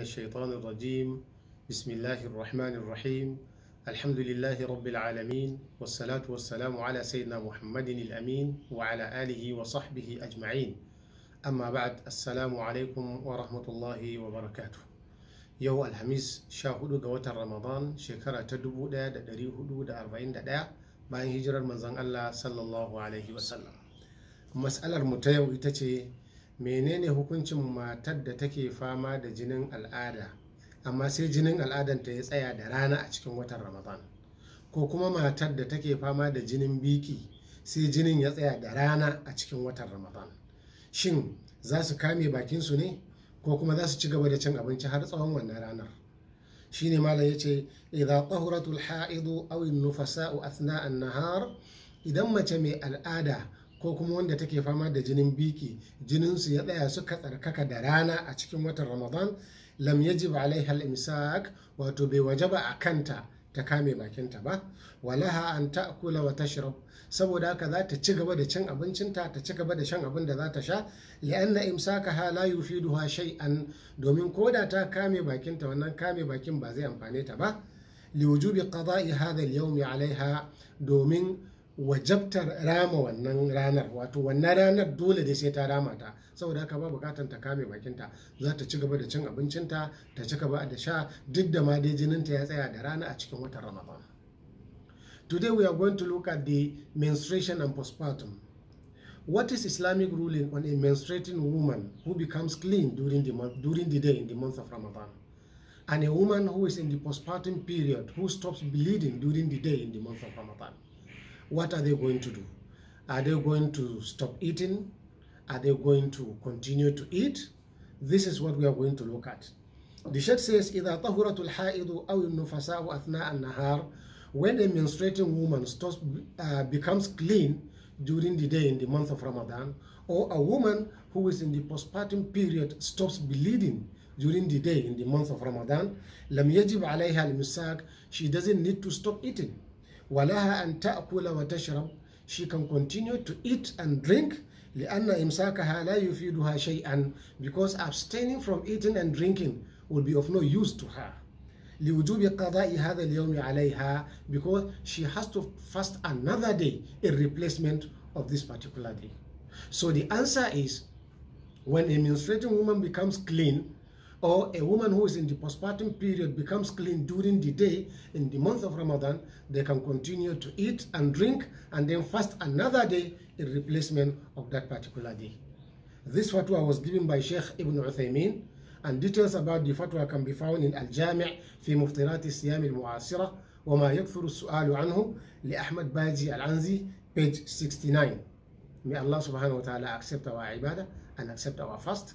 الشيطان الرجيم بسم الله الرحمن الرحيم الحمد لله رب العالمين والصلاة والسلام على سيدنا محمد الأمين وعلى آله وصحبه أجمعين أما بعد السلام عليكم ورحمة الله وبركاته يو الهميس شاهدو قوات رمضان شكرا تدبو دا دا دريه دا أربعين دا دا باين هجر المنزان الله صلى الله عليه وسلم مسألة متيو إتتي menene hukuncin matar da take fama da jinin al'ada amma sai jinin al'adanta ya tsaya da rana a cikin watan ramadan ko kuma matar da take fama da jinin biki sai jinin ya tsaya da rana a cikin watan ramadan shin za su kame bakinsu ne ko kuma za su ci gaba da cin abinci har tsawon wannan ranar shine malam ya ce idan tahuratul ha'idu aw nufasau athna nahar idan mace mai al'ada ko kuma wanda take fama da jinin biki jininsu ya tsaya suka tsarkaka da rana a cikin watan ramadan lam yajib alaiha hal imsak wato bai waje ba a kanta ta kame bakinta ba walaha an kula wa tashrab saboda haka za ta ci gaba da cin abincinta ta ci gaba da shan abin da za ta sha li'anna ha la yufiduha shay'an domin koda ta kame bakinta wannan kame bakin ba zai amfane ta ba liwujubi qada'i hadha al yawm alaiha domin wajabtar rama wannan ranar wato wannan ranar dole dai sai ta rama ta saboda haka ba bukatan ta kame bakinta za ta ci gaba da cin abincinta ta ci gaba da sha duk da ma dai jininta ya tsaya da rana a cikin watan ramadan today we are going to look at the menstruation and postpartum what is islamic ruling on a menstruating woman who becomes clean during the month, during the day in the month of ramadan and a woman who is in the postpartum period who stops bleeding during the day in the month of ramadan what are they going to do? Are they going to stop eating? Are they going to continue to eat? This is what we are going to look at. The Sheikh says, إِذَا طَهُرَتُ الْحَائِضُ أَوْ النُّفَسَاءُ أَثْنَاءَ النَّهَارِ When a menstruating woman stops, uh, becomes clean during the day in the month of Ramadan, or a woman who is in the postpartum period stops bleeding during the day in the month of Ramadan, لَمْ يَجِبْ عَلَيْهَا الْمِسَاكِ She doesn't need to stop eating. ولها أن تأكل وتشرب she can continue to eat and drink لأن إمساكها لا يفيدها شيئا because abstaining from eating and drinking will be of no use to her لوجوب قضاء هذا اليوم عليها because she has to fast another day in replacement of this particular day. So the answer is when a menstruating woman becomes clean, or a woman who is in the postpartum period becomes clean during the day in the month of Ramadan, they can continue to eat and drink and then fast another day in replacement of that particular day. This fatwa was given by Sheikh Ibn Uthaymeen and details about the fatwa can be found in Al-Jami' في wa ma المعاصرة وما يكثر li Ahmad لأحمد al-Anzi, page 69. May Allah subhanahu wa ta'ala accept our ibadah and accept our fast.